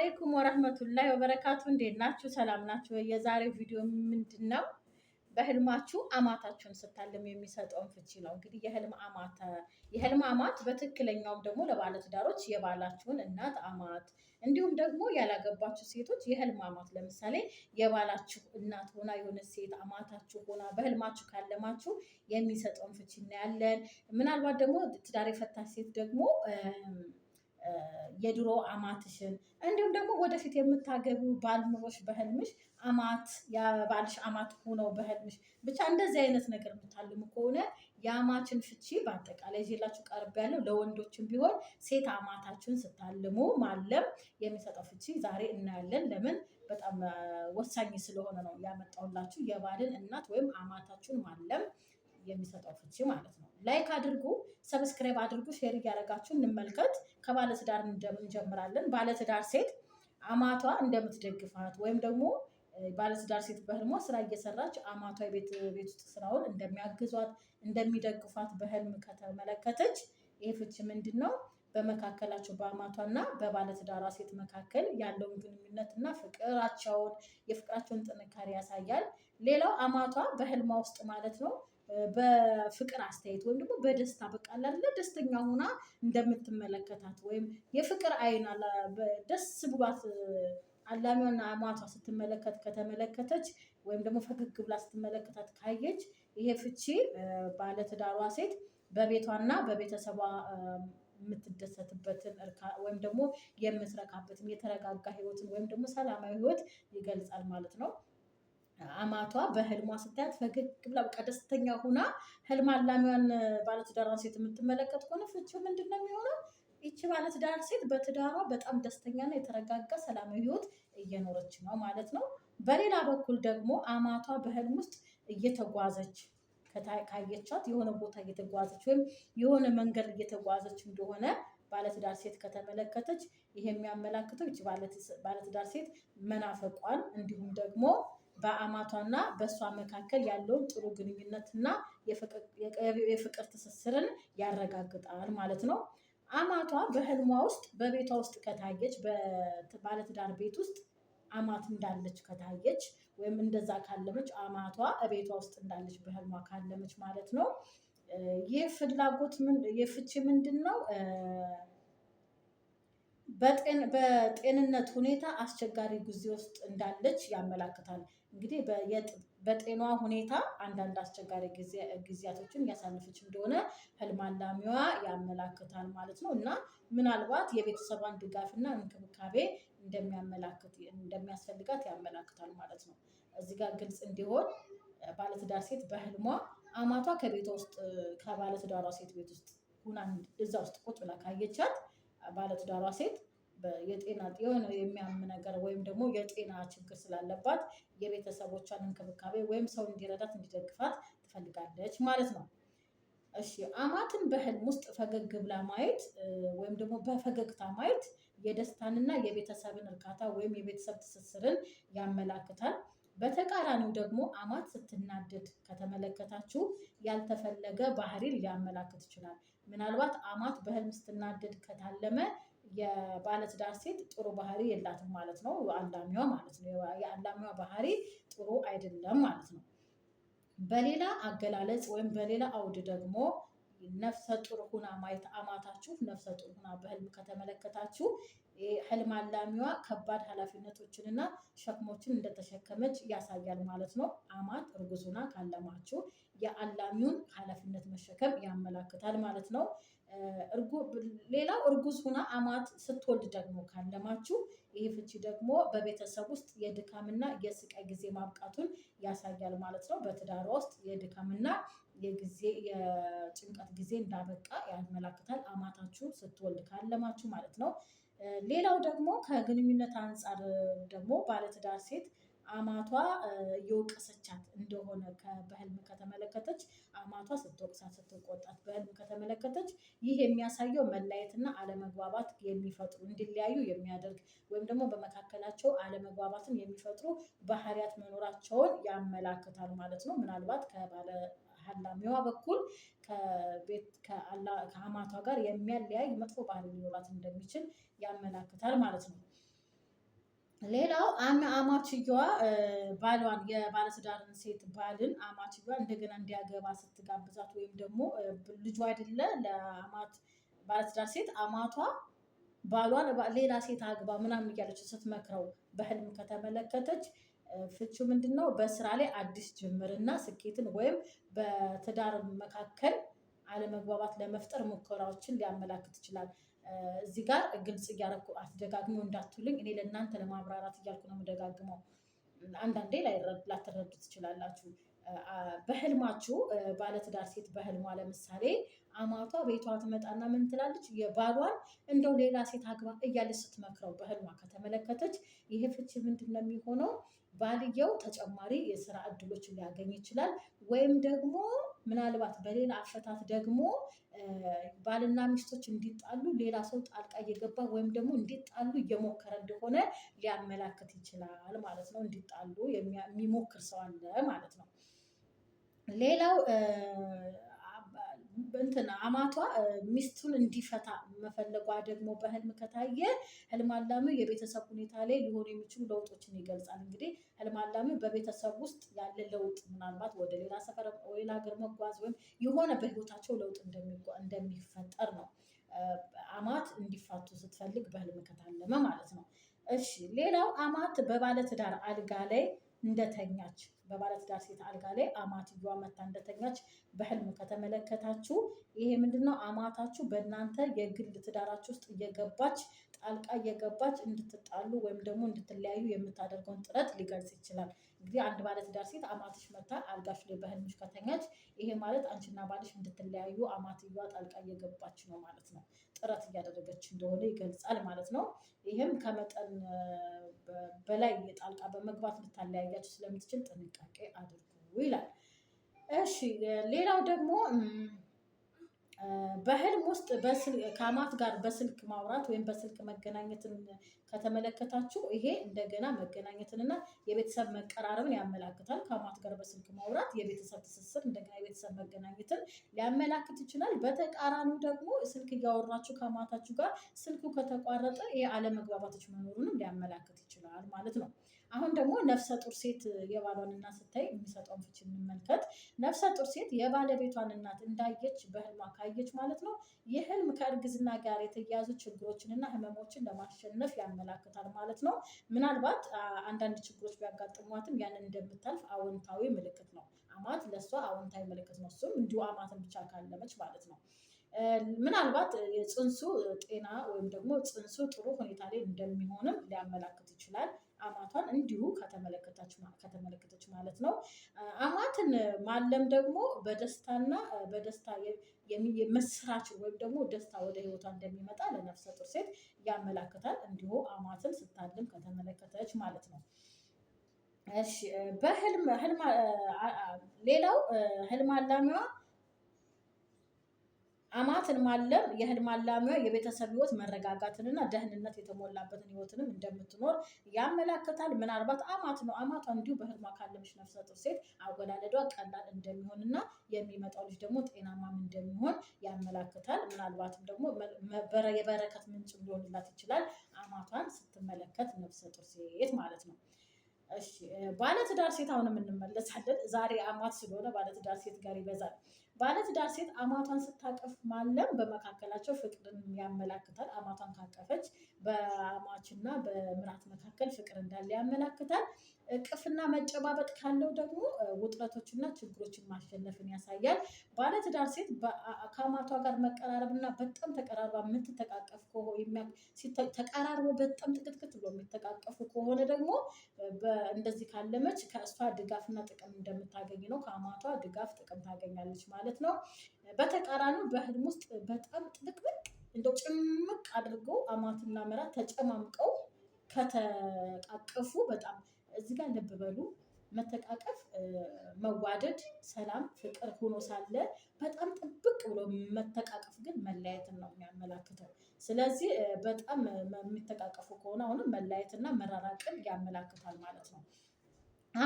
አሌይኩም ወረህመቱላሂ ወበረካቱ። እንዴት ናችሁ? ሰላም ናችሁ? የዛሬው ቪዲዮ ምንድን ነው? በህልማችሁ አማታችሁን ስታልም የሚሰጠውን ፍቺ ነው። እንግዲህ የህልም አማት በትክክለኛውም ደግሞ ለባለትዳሮች የባላችሁን እናት አማት፣ እንዲሁም ደግሞ ያላገባችሁ ሴቶች የህልም አማት፣ ለምሳሌ የባላችሁ እናት ሆና የሆነ ሴት አማታችሁ ሆና በህልማችሁ ካለማችሁ የሚሰጠውን ፍቺ እናያለን። ምናልባት ደግሞ ትዳር የፈታች ሴት ደግሞ የድሮ አማትሽን እንዲሁም ደግሞ ወደፊት የምታገቢ ባል ኑሮሽ በህልምሽ አማት የባልሽ አማት ሆኖ በህልምሽ ብቻ እንደዚህ አይነት ነገር የምታልሙ ከሆነ የአማችን ፍቺ በአጠቃላይ ዜላችሁ ቀርብ ያለው ለወንዶችም ቢሆን ሴት አማታችሁን ስታልሙ ማለም የሚሰጠው ፍቺ ዛሬ እናያለን። ለምን በጣም ወሳኝ ስለሆነ ነው ያመጣውላችሁ የባልን እናት ወይም አማታችሁን ማለም የሚሰጠው ፍቺ ማለት ነው። ላይክ አድርጉ፣ ሰብስክራይብ አድርጉ፣ ሼር እያደረጋችሁ እንመልከት። ከባለትዳር እንጀምራለን። ባለትዳር ሴት አማቷ እንደምትደግፋት ወይም ደግሞ ባለትዳር ሴት በህልሟ ስራ እየሰራች አማቷ የቤት ውስጥ ስራውን እንደሚያግዟት እንደሚደግፏት በህልም ከተመለከተች ይህ ፍቺ ምንድን ነው? በመካከላቸው በአማቷና በባለትዳሯ ሴት መካከል ያለውን ግንኙነት እና ፍቅራቸውን የፍቅራቸውን ጥንካሬ ያሳያል። ሌላው አማቷ በህልሟ ውስጥ ማለት ነው በፍቅር አስተያየት ወይም ደግሞ በደስታ በቃ አለ ደስተኛ ሆና እንደምትመለከታት ወይም የፍቅር አይን ደስ ብሏት አላሚዋና አማቷ ስትመለከት ከተመለከተች ወይም ደግሞ ፈገግ ብላ ስትመለከታት ካየች ይሄ ፍቺ ባለትዳሯ ሴት በቤቷና በቤተሰቧ የምትደሰትበትን ወይም ደግሞ የምትረካበትን የተረጋጋ ህይወትን ወይም ደግሞ ሰላማዊ ህይወት ይገልጻል ማለት ነው። አማቷ በህልሟ ስታያት ፈገግ ብላ በቃ ደስተኛ ሁና ህልም አላሚዋን ባለትዳሯን ሴት የምትመለከት ከሆነ ፍቺው ምንድን ነው የሚሆነው? ይቺ ባለትዳር ሴት በትዳሯ በጣም ደስተኛና የተረጋጋ ሰላማዊ ህይወት እየኖረች ነው ማለት ነው። በሌላ በኩል ደግሞ አማቷ በህልም ውስጥ እየተጓዘች ካየቻት የሆነ ቦታ እየተጓዘች ወይም የሆነ መንገድ እየተጓዘች እንደሆነ ባለትዳር ሴት ከተመለከተች ይሄ የሚያመላክተው ይቺ ባለትዳር ሴት መናፈቋን እንዲሁም ደግሞ በአማቷና በእሷ መካከል ያለውን ጥሩ ግንኙነትና የፍቅር ትስስርን ያረጋግጣል ማለት ነው። አማቷ በህልሟ ውስጥ በቤቷ ውስጥ ከታየች ባለትዳር ቤት ውስጥ አማት እንዳለች ከታየች ወይም እንደዛ ካለመች አማቷ እቤቷ ውስጥ እንዳለች በህልሟ ካለመች ማለት ነው። ይህ ፍላጎት የፍቺ ምንድን ነው? በጤንነት ሁኔታ አስቸጋሪ ጊዜ ውስጥ እንዳለች ያመላክታል። እንግዲህ በጤኗ ሁኔታ አንዳንድ አስቸጋሪ ጊዜያቶችን እያሳለፈች እንደሆነ ህልም አላሚዋ ያመላክታል ማለት ነው እና ምናልባት የቤተሰቧን ድጋፍና እንክብካቤ እንደሚያስፈልጋት ያመላክታል ማለት ነው። እዚህ ጋር ግልጽ እንዲሆን ባለትዳር ሴት በህልሟ አማቷ ከቤቷ ውስጥ ከባለትዳሯ ሴት ቤት ውስጥ ሆና እዛ ውስጥ ቁጭ ብላ ካየቻት ባለትዳሯ ሴት የጤና የሆነ የሚያም ነገር ወይም ደግሞ የጤና ችግር ስላለባት የቤተሰቦቿን እንክብካቤ ወይም ሰው እንዲረዳት እንዲደግፋት ትፈልጋለች ማለት ነው። እሺ አማትን በህልም ውስጥ ፈገግ ብላ ማየት ወይም ደግሞ በፈገግታ ማየት የደስታንና የቤተሰብን እርካታ ወይም የቤተሰብ ትስስርን ያመላክታል። በተቃራኒው ደግሞ አማት ስትናደድ ከተመለከታችሁ ያልተፈለገ ባህሪ ሊያመላክት ይችላል። ምናልባት አማት በህልም ስትናደድ ከታለመ የባለትዳር ሴት ጥሩ ባህሪ የላትም ማለት ነው። አላሚዋ ማለት ነው። የአላሚዋ ባህሪ ጥሩ አይደለም ማለት ነው። በሌላ አገላለጽ ወይም በሌላ አውድ ደግሞ ነፍሰ ጡር ሁና ማየት አማታችሁ ነፍሰ ጡር ሁና በህልም ከተመለከታችሁ ህልም አላሚዋ ከባድ ኃላፊነቶችንና ሸክሞችን እንደተሸከመች ያሳያል ማለት ነው። አማት እርጉዙና ሁና ካለማችሁ የአላሚውን ኃላፊነት መሸከም ያመላክታል ማለት ነው። ሌላው እርጉዝ ሁና አማት ስትወልድ ደግሞ ካለማችሁ ይህ ፍቺ ደግሞ በቤተሰብ ውስጥ የድካምና የስቃይ ጊዜ ማብቃቱን ያሳያል ማለት ነው። በትዳሯ ውስጥ የድካምና የጊዜ የጭንቀት ጊዜ እንዳበቃ ያመላክታል። አማታችሁ ስትወልድ ካለማችሁ ማለት ነው። ሌላው ደግሞ ከግንኙነት አንፃር ደግሞ ባለትዳር ሴት አማቷ የወቀሰቻት እንደሆነ በህልም ከተመለከተች አማቷ ስትወቅሳት ስትቆጣት በህልም ከተመለከተች ይህ የሚያሳየው መለያየትና አለመግባባት የሚፈጥሩ እንዲለያዩ የሚያደርግ ወይም ደግሞ በመካከላቸው አለመግባባትን የሚፈጥሩ ባህሪያት መኖራቸውን ያመላክታል ማለት ነው። ምናልባት ከባለ ሀላሚዋ በኩል ከቤት ከአማቷ ጋር የሚያለያይ መጥፎ ባህሪ ሊኖራት እንደሚችል ያመላክታል ማለት ነው ሌላው አማችየዋ ባሏን የባለትዳርን ሴት ባልን አማችየዋ እንደገና እንዲያገባ ስትጋብዛት ወይም ደግሞ ልጁ አይደለ ለአማት ባለትዳር ሴት አማቷ ባሏን ሌላ ሴት አግባ ምናምን እያለች ስትመክረው በህልም ከተመለከተች ፍቹ ምንድን ነው? በስራ ላይ አዲስ ጅምርና ስኬትን ወይም በትዳር መካከል አለመግባባት ለመፍጠር ሙከራዎችን ሊያመላክት ይችላል። እዚህ ጋር ግልጽ እያደረኩ አትደጋግሞ እንዳትሉኝ እኔ ለእናንተ ለማብራራት እያልኩ ነው የምደጋግመው። አንዳንዴ ላትረዱ ትችላላችሁ። በህልማችሁ ባለትዳር ሴት በህልሟ ለምሳሌ አማቷ ቤቷ ትመጣና ምን ትላለች? የባሏን እንደው ሌላ ሴት አግባ እያለች ስትመክረው በህልሟ ከተመለከተች ይሄ ፍቺ ምንድን ነው የሚሆነው? ባልየው ተጨማሪ የስራ እድሎችን ሊያገኝ ይችላል። ወይም ደግሞ ምናልባት በሌላ አፈታት ደግሞ ባልና ሚስቶች እንዲጣሉ ሌላ ሰው ጣልቃ እየገባ ወይም ደግሞ እንዲጣሉ እየሞከረ እንደሆነ ሊያመላክት ይችላል ማለት ነው። እንዲጣሉ የሚሞክር ሰው አለ ማለት ነው። ሌላው እንትን አማቷ ሚስቱን እንዲፈታ መፈለጓ ደግሞ በህልም ከታየ ህልም አላሚው የቤተሰብ ሁኔታ ላይ ሊሆኑ የሚችሉ ለውጦችን ይገልጻል። እንግዲህ ህልም አላሚው በቤተሰብ ውስጥ ያለ ለውጥ ምናልባት ወደ ሌላ ሰፈር፣ ሌላ ሀገር መጓዝ ወይም የሆነ በህይወታቸው ለውጥ እንደሚፈጠር ነው። አማት እንዲፋቱ ስትፈልግ በህልም ከታለመ ማለት ነው። እሺ ሌላው አማት በባለትዳር አልጋ ላይ እንደተኛች በባለትዳር ሴት አልጋ ላይ አማትዮዋ መታ እንደተኛች በህልም ከተመለከታችሁ ይሄ ምንድነው? አማታችሁ በእናንተ የግል ትዳራችሁ ውስጥ እየገባች ጣልቃ እየገባች እንድትጣሉ ወይም ደግሞ እንድትለያዩ የምታደርገውን ጥረት ሊገልጽ ይችላል እዚህ አንድ ባለትዳር ሴት አማትሽ መታ አልጋሽ ላይ በህልምሽ ከተኛች ይሄ ማለት አንቺና ባልሽ እንድትለያዩ አማትየዋ ጣልቃ እየገባች ነው ማለት ነው። ጥረት እያደረገች እንደሆነ ይገልጻል ማለት ነው። ይህም ከመጠን በላይ ጣልቃ በመግባት ልታለያያችሁ ስለምትችል ጥንቃቄ አድርጉ ይላል። እሺ ሌላው ደግሞ በህልም ውስጥ ከአማት ጋር በስልክ ማውራት ወይም በስልክ መገናኘትን ከተመለከታችሁ ይሄ እንደገና መገናኘትን የቤተሰብ መቀራረብን ያመላክታል። ከአማት ጋር በስልክ ማውራት የቤተሰብ ትስስር እንደገና የቤተሰብ መገናኘትን ሊያመላክት ይችላል። በተቃራኒው ደግሞ ስልክ እያወራችሁ ከአማታችሁ ጋር ስልኩ ከተቋረጠ ይሄ አለመግባባቶች መኖሩንም ሊያመላክት ይችላል ማለት ነው። አሁን ደግሞ ነፍሰ ጡር ሴት የባሏን እናት ስታይ የሚሰጠውን ፍች እንመልከት። ነፍሰ ጡር ሴት የባለቤቷን እናት እንዳየች በህልሟ ካየች ማለት ነው። ይህ ህልም ከእርግዝና ጋር የተያያዙ ችግሮችን እና ህመሞችን ለማሸነፍ ያመላክታል ማለት ነው። ምናልባት አንዳንድ ችግሮች ቢያጋጥሟትም ያንን እንደምታልፍ አዎንታዊ ምልክት ነው። አማት ለእሷ አዎንታዊ ምልክት ነው። እሱም እንዲሁ አማትን ብቻ ካለመች ማለት ነው። ምናልባት የፅንሱ ጤና ወይም ደግሞ ፅንሱ ጥሩ ሁኔታ ላይ እንደሚሆንም ሊያመላክት ይችላል አማቷን እንዲሁ ከተመለከተች ማለት ነው። አማትን ማለም ደግሞ በደስታና በደስታ የመስራች ወይም ደግሞ ደስታ ወደ ህይወቷ እንደሚመጣ ለነፍሰ ጡር ሴት ያመላክታል እንዲሁ አማትን ስታልም ከተመለከተች ማለት ነው። እሺ በህልም ሌላው ህልም አላሚዋ አማት ማለም የህልም አላሚዋ የቤተሰብ ህይወት መረጋጋትንና ደህንነት የተሞላበትን ህይወትንም እንደምትኖር ያመላክታል። ምናልባት አማት ነው አማቷ እንዲሁ በህልሟ ካለምሽ ነፍሰ ጡር ሴት አወላለዷ ቀላል እንደሚሆንና የሚመጣው ልጅ ደግሞ ጤናማም እንደሚሆን ያመላክታል። ምናልባትም ደግሞ የበረከት ምንጭ ሊሆንላት ይችላል። አማቷን ስትመለከት ነፍሰ ጡር ሴት ማለት ነው። ባለትዳር ሴት አሁንም እንመለሳለን። ዛሬ አማት ስለሆነ ባለትዳር ሴት ጋር ይበዛል። ባለትዳር ሴት አማቷን ስታቀፍ ማለም በመካከላቸው ፍቅርን ያመላክታል። አማቷን ካቀፈች በአማችና በምራት መካከል ፍቅር እንዳለ ያመላክታል። እቅፍና መጨባበጥ ካለው ደግሞ ውጥረቶችና ችግሮችን ማሸነፍን ያሳያል። ባለትዳር ሴት ከአማቷ ጋር መቀራረብና በጣም ተቀራርባ የምትተቃቀፍ ተቀራርቦ በጣም ጥቅጥቅት ብሎ የሚተቃቀፉ ከሆነ ደግሞ እንደዚህ ካለመች ከእሷ ድጋፍና ጥቅም እንደምታገኝ ነው። ከአማቷ ድጋፍ ጥቅም ታገኛለች ማለት ማለት ነው። በተቃራኒው በህልም ውስጥ በጣም ጥብቅብቅ እንደው ጭምቅ አድርጎ አማትና መራት ተጨማምቀው ከተቃቀፉ በጣም እዚህ ጋር ልብ በሉ። መተቃቀፍ፣ መዋደድ፣ ሰላም፣ ፍቅር ሆኖ ሳለ በጣም ጥብቅ ብሎ መተቃቀፍ ግን መለያየትን ነው የሚያመላክተው። ስለዚህ በጣም የሚተቃቀፉ ከሆነ አሁንም መለያየትና መራራቅን ያመላክታል ማለት ነው።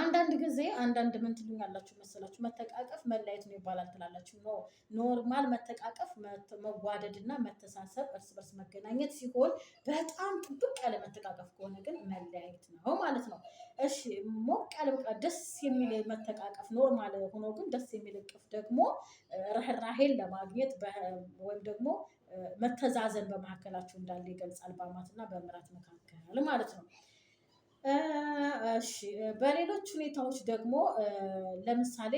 አንዳንድ ጊዜ አንዳንድ ምን ትሉኛላችሁ መሰላችሁ? መተቃቀፍ መለያየት ነው ይባላል ትላላችሁ። ኖ ኖርማል መተቃቀፍ መዋደድ እና መተሳሰብ፣ እርስ በርስ መገናኘት ሲሆን በጣም ጥብቅ ያለ መተቃቀፍ ከሆነ ግን መለያየት ነው ማለት ነው። እሺ ሞቅ ያለ በቃ ደስ የሚል መተቃቀፍ ኖርማል ሆኖ ግን ደስ የሚል እቅፍ ደግሞ ርህራሄን ለማግኘት ወይም ደግሞ መተዛዘን በመካከላችሁ እንዳለ ይገልጻል በአማት እና በምራት መካከል ማለት ነው። እሺ በሌሎች ሁኔታዎች ደግሞ ለምሳሌ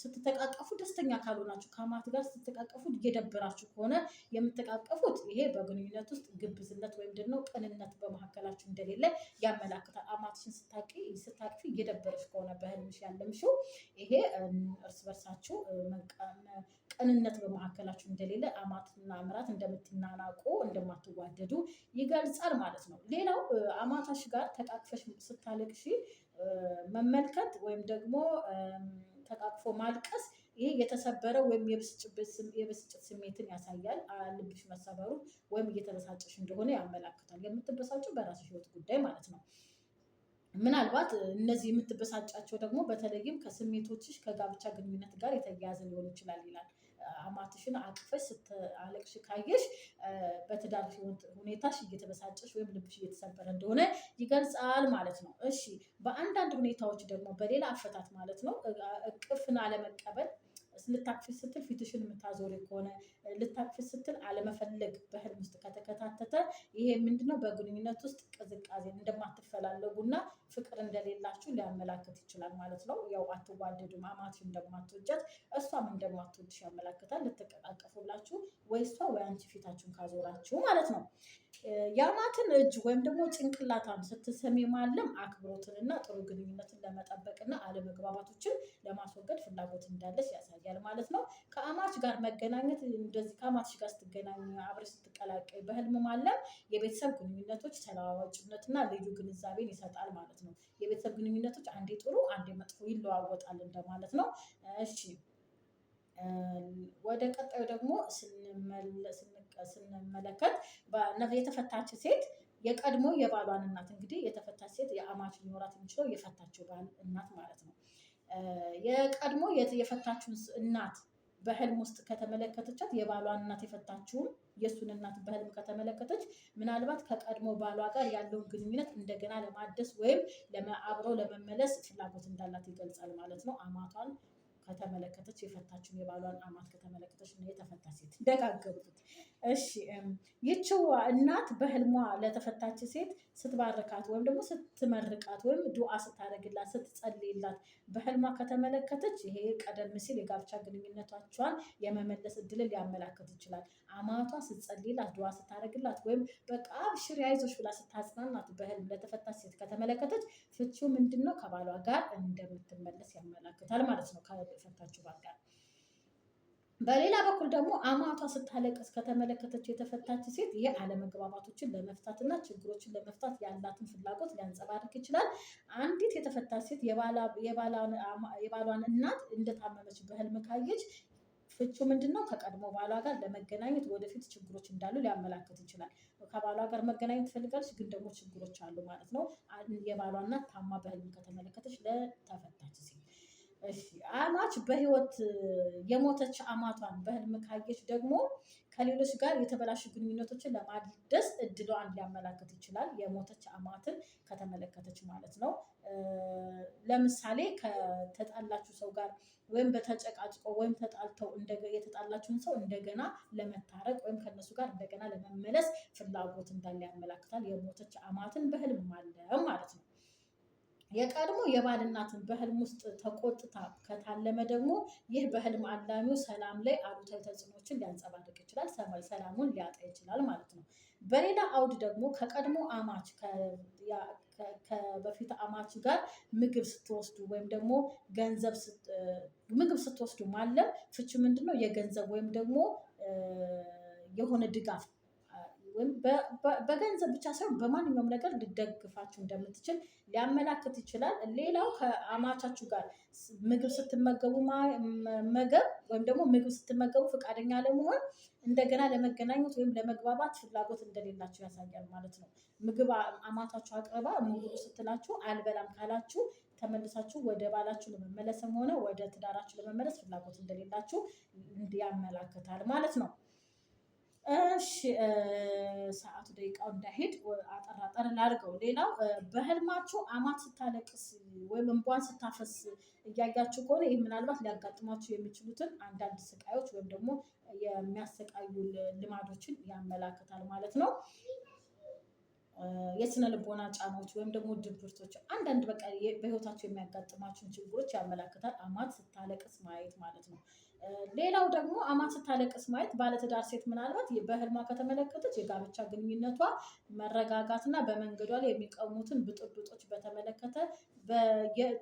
ስትተቃቀፉ ደስተኛ ካልሆናችሁ ከአማት ጋር ስትተቃቀፉ እየደበራችሁ ከሆነ የምትቃቀፉት ይሄ በግንኙነት ውስጥ ግብዝነት ወይም ደግሞ ቅንነት በመካከላችሁ እንደሌለ ያመላክታል። አማትሽን ስታቂ ስታቅፊ እየደበረች ከሆነ በህልምሽ ያለምሽው ይሄ እርስ በርሳችሁ ቅንነት በመካከላችሁ እንደሌለ አማትና ምራት እንደምትናናቁ እንደማትዋደዱ ይገልጻል ማለት ነው። ሌላው አማታሽ ጋር ተቃቅፈሽ ስታለቅሺ መመልከት ወይም ደግሞ ተቃቅፎ ማልቀስ ይህ የተሰበረ ወይም የብስጭት ስሜትን ያሳያል። ልብሽ መሰበሩ ወይም እየተበሳጨሽ እንደሆነ ያመላክታል። የምትበሳጩ በራስሽ ህይወት ጉዳይ ማለት ነው። ምናልባት እነዚህ የምትበሳጫቸው ደግሞ በተለይም ከስሜቶችሽ ከጋብቻ ግንኙነት ጋር የተያያዘ ሊሆን ይችላል ይላል። አማትሽን አቅፈሽ ስትአለቅሽ ካየሽ በትዳር ሁኔታሽ እየተበሳጨሽ ወይም ልብሽ እየተሰበረ እንደሆነ ይገልጻል ማለት ነው። እሺ፣ በአንዳንድ ሁኔታዎች ደግሞ በሌላ አፈታት ማለት ነው እቅፍን አለመቀበል ልታቅፊ ስትል ፊትሽን የምታዞሪ ከሆነ ልታቅፊ ስትል አለመፈለግ በህልም ውስጥ ከተከታተተ ይሄ ምንድነው በግንኙነት ውስጥ ቅዝቃዜ እንደማትፈላለጉና ፍቅር እንደሌላችሁ ሊያመላክት ይችላል ማለት ነው። ያው አትዋደዱም፣ አማትሽ እንደማትወጃት እሷም እንደማትወድሽ ያመላክታል። ልትቀጣቀፉ ወይ እሷ ወይ አንቺ ፊታችሁን ካዞራችሁ ማለት ነው። የአማትን እጅ ወይም ደግሞ ጭንቅላቷን ስትሰሚ ማለም አክብሮትንና ጥሩ ግንኙነትን ለመጠበቅና አለመግባባቶችን ለማስወገድ ፍላጎት እንዳለ ያሳያል። ያሳያል ማለት ነው። ከአማች ጋር መገናኘት እንደዚህ ከአማች ጋር ስትገናኙ አብረ ስትቀላቀይ በህልም ማለም የቤተሰብ ግንኙነቶች ተለዋዋጭነትና ልዩ ግንዛቤን ይሰጣል ማለት ነው። የቤተሰብ ግንኙነቶች አንዴ ጥሩ አንዴ መጥፎ ይለዋወጣል እንደማለት ነው። እሺ ወደ ቀጣዩ ደግሞ ስንመለከት የተፈታች ሴት የቀድሞ የባሏን እናት እንግዲህ የተፈታች ሴት የአማች ሊኖራት የሚችለው የፈታችው ባል እናት ማለት ነው። የቀድሞ የፈታችሁን እናት በህልም ውስጥ ከተመለከተቻት የባሏን እናት የፈታችውን የእሱን እናት በህልም ከተመለከተች ምናልባት ከቀድሞ ባሏ ጋር ያለውን ግንኙነት እንደገና ለማደስ ወይም አብሮ ለመመለስ ፍላጎት እንዳላት ይገልጻል ማለት ነው። አማቷን ከተመለከተች የፈታችውን የባሏን አማት ከተመለከተች የተፈታ ሴት ደጋገቡት። እሺ ይችዋ እናት በህልሟ ለተፈታች ሴት ስትባርካት ወይም ደግሞ ስትመርቃት ወይም ዱዓ ስታደርግላት ስትጸልይላት በህልሟ ከተመለከተች ይሄ ቀደም ሲል የጋብቻ ግንኙነታቸዋን የመመለስ እድልን ሊያመላክት ይችላል። አማቷ ስትጸልይላት፣ ድዋ ስታደርግላት ወይም በቃ አብሽሪ አይዞሽ ብላ ስታጽናናት በህልም ለተፈታች ሴት ከተመለከተች ፍቺው ምንድን ነው? ከባሏ ጋር እንደምትመለስ ያመላክታል ማለት ነው። ከፈታችሁ ባል ጋር በሌላ በኩል ደግሞ አማቷ ስታለቅስ ከተመለከተች የተፈታች ሴት ይህ አለመግባባቶችን ለመፍታትና ችግሮችን ለመፍታት ያላትን ፍላጎት ሊያንጸባርቅ ይችላል። አንዲት የተፈታች ሴት የባሏን እናት እንደታመመች በህልም ካየች ፍቹ ምንድን ነው? ከቀድሞ ባሏ ጋር ለመገናኘት ወደፊት ችግሮች እንዳሉ ሊያመላክት ይችላል። ከባሏ ጋር መገናኘት ትፈልጋለች፣ ግን ደግሞ ችግሮች አሉ ማለት ነው። የባሏ እናት ታማ በህልም ከተመለከተች ለተፈታች ሴት አማች በህይወት የሞተች አማቷን በህልም ካየች ደግሞ ከሌሎች ጋር የተበላሹ ግንኙነቶችን ለማደስ እድሏን ሊያመላክት ይችላል። የሞተች አማትን ከተመለከተች ማለት ነው። ለምሳሌ ከተጣላችሁ ሰው ጋር ወይም በተጨቃጭቆ ወይም ተጣልተው የተጣላችሁን ሰው እንደገና ለመታረቅ ወይም ከነሱ ጋር እንደገና ለመመለስ ፍላጎት እንዳለ ያመላክታል። የሞተች አማትን በህልም ማለም ማለት ነው። የቀድሞ የባል እናትን በህልም ውስጥ ተቆጥታ ከታለመ ደግሞ ይህ በህልም አላሚው ሰላም ላይ አሉታዊ ተጽዕኖችን ሊያንጸባርቅ ይችላል። ሰላሙን ሊያጣ ይችላል ማለት ነው። በሌላ አውድ ደግሞ ከቀድሞ አማች በፊት አማች ጋር ምግብ ስትወስዱ ወይም ደግሞ ገንዘብ ምግብ ስትወስዱ ማለም ፍቺ ምንድነው? የገንዘብ ወይም ደግሞ የሆነ ድጋፍ ወይም በገንዘብ ብቻ ሳይሆን በማንኛውም ነገር ልደግፋችሁ እንደምትችል ሊያመላክት ይችላል። ሌላው ከአማቻችሁ ጋር ምግብ ስትመገቡ መገብ ወይም ደግሞ ምግብ ስትመገቡ ፈቃደኛ ለመሆን እንደገና ለመገናኘት ወይም ለመግባባት ፍላጎት እንደሌላችሁ ያሳያል ማለት ነው። ምግብ አማቻችሁ አቅርባ ምግቡ ስትላችሁ አልበላም ካላችሁ ተመልሳችሁ ወደ ባላችሁ ለመመለስም ሆነ ወደ ትዳራችሁ ለመመለስ ፍላጎት እንደሌላችሁ ያመላክታል ማለት ነው። እሺ ሰዓቱ ደቂቃው እንዳይሄድ አጠራጠር እናድርገው። ሌላው በህልማችሁ አማት ስታለቅስ ወይም እንቧን ስታፈስ እያያችሁ ከሆነ ይህ ምናልባት ሊያጋጥሟችሁ የሚችሉትን አንዳንድ ስቃዮች ወይም ደግሞ የሚያሰቃዩ ልማዶችን ያመላክታል ማለት ነው። የስነ ልቦና ጫናዎች ወይም ደግሞ ድብርቶች፣ አንዳንድ በቃ በህይወታቸው የሚያጋጥማቸውን ችግሮች ያመላክታል። አማት ስታለቅስ ማየት ማለት ነው። ሌላው ደግሞ አማት ስታለቅስ ማየት ባለትዳር ሴት ምናልባት በህልማ ከተመለከተች የጋብቻ ግንኙነቷ መረጋጋትና በመንገዷ ላይ የሚቀሙትን ብጥብጦች በተመለከተ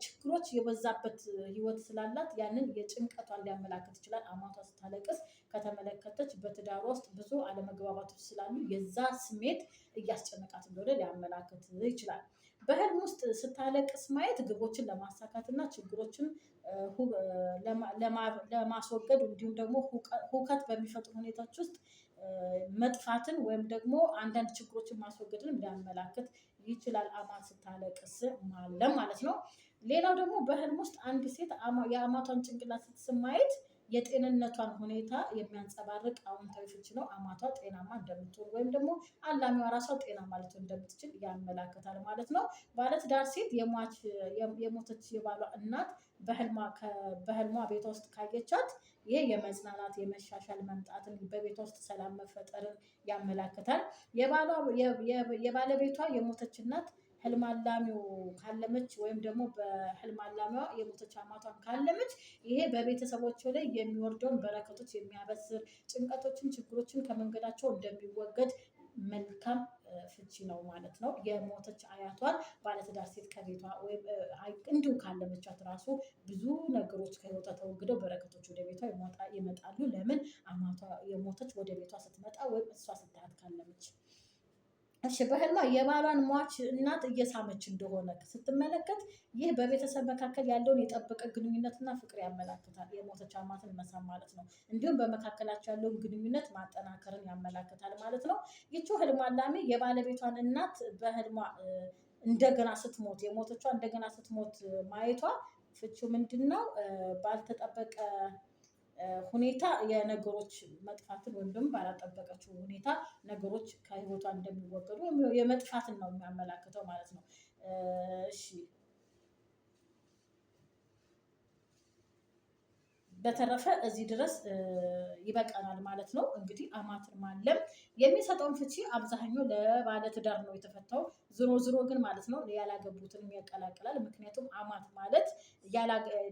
ችግሮች የበዛበት ህይወት ስላላት ያንን የጭንቀቷን ሊያመላክት ይችላል። አማቷ ስታለቅስ ከተመለከተች በትዳር ውስጥ ብዙ አለመግባባቶች ስላሉ የዛ ስሜት እያስጨነቃት እንደሆነ ሊያመላክት ይችላል። በህልም ውስጥ ስታለቅስ ማየት ግቦችን ለማሳካት እና ችግሮችን ለማስወገድ እንዲሁም ደግሞ ሁከት በሚፈጥሩ ሁኔታዎች ውስጥ መጥፋትን ወይም ደግሞ አንዳንድ ችግሮችን ማስወገድን ሊያመላክት ይችላል። አማት ስታለቅስ ማለም ማለት ነው። ሌላው ደግሞ በህልም ውስጥ አንዲት ሴት የአማቷን ጭንቅላት ስትስም ማየት የጤንነቷን ሁኔታ የሚያንጸባርቅ አዎንታዊ ፍቺ ነው። አማቷ ጤናማ እንደምትሆን ወይም ደግሞ አላሚዋ ራሷ ጤናማ ልትሆን እንደምትችል ያመላከታል ማለት ነው። ባለትዳር ሴት የሞተች የባሏ እናት በህልሟ በህልሟ ቤቷ ውስጥ ካየቻት ይህ የመጽናናት የመሻሻል መምጣትን በቤቷ ውስጥ ሰላም መፈጠርን ያመላክታል። የባለቤቷ የሞተች እናት ህልም አላሚው ካለመች ወይም ደግሞ በህልም አላሚዋ የሞተች አማቷን ካለመች ይሄ በቤተሰቦች ላይ የሚወርደውን በረከቶች የሚያበስር ጭንቀቶችን፣ ችግሮችን ከመንገዳቸው እንደሚወገድ መልካም ፍቺ ነው ማለት ነው። የሞተች አያቷን ባለትዳር ሴት ከቤቷ ወይም እንዲሁ ካለመቻት ራሱ ብዙ ነገሮች ከህይወቷ ተወግደው በረከቶች ወደ ቤቷ ይመጣሉ። ለምን አማቷ የሞተች ወደ ቤቷ ስትመጣ ወይም እሷ ስታያት ካለመች እሺ በህላው የባሏን ሟች እናት እየሳመች እንደሆነ ስትመለከት ይህ በቤተሰብ መካከል ያለውን የጠበቀ ግንኙነትና ፍቅር ያመላክታል። የሞተች አማትን መሳም ማለት ነው። እንዲሁም በመካከላቸው ያለውን ግንኙነት ማጠናከርን ያመላክታል ማለት ነው። ይቺው ህልሟ አላሚ የባለቤቷን እናት በህልሟ እንደገና ስትሞት የሞተቿ እንደገና ስትሞት ማየቷ ፍቺው ምንድን ነው? ባልተጠበቀ ሁኔታ የነገሮች መጥፋትን ወይም ደግሞ ባላጠበቀችው ሁኔታ ነገሮች ከህይወቷ እንደሚወገዱ የመጥፋትን ነው የሚያመላክተው ማለት ነው። እሺ በተረፈ እዚህ ድረስ ይበቃናል ማለት ነው። እንግዲህ አማትር ማለም የሚሰጠውን ፍቺ አብዛኛው ለባለትዳር ነው የተፈታው። ዝሮ ዝሮ ግን ማለት ነው ያላገቡትንም ያቀላቅላል። ምክንያቱም አማት ማለት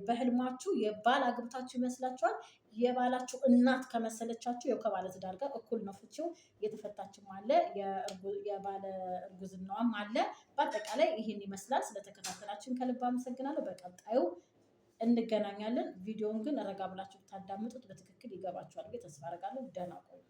በህልማችሁ የባል አግብታችሁ ይመስላችኋል። የባላችሁ እናት ከመሰለቻችሁ ያው ከባለ ጋር እኩል ነው ፍቺው። የተፈታችም አለ፣ የባለ እርጉዝናዋም አለ። በአጠቃላይ ይህን ይመስላል። ስለተከታተላችን ከልብ አመሰግናለሁ። በቀጣዩ እንገናኛለን። ቪዲዮውን ግን ረጋ ብላችሁ ብታዳምጡት በትክክል ይገባችኋል ብዬ ተስፋ አደርጋለሁ። ደህና ቆዩ።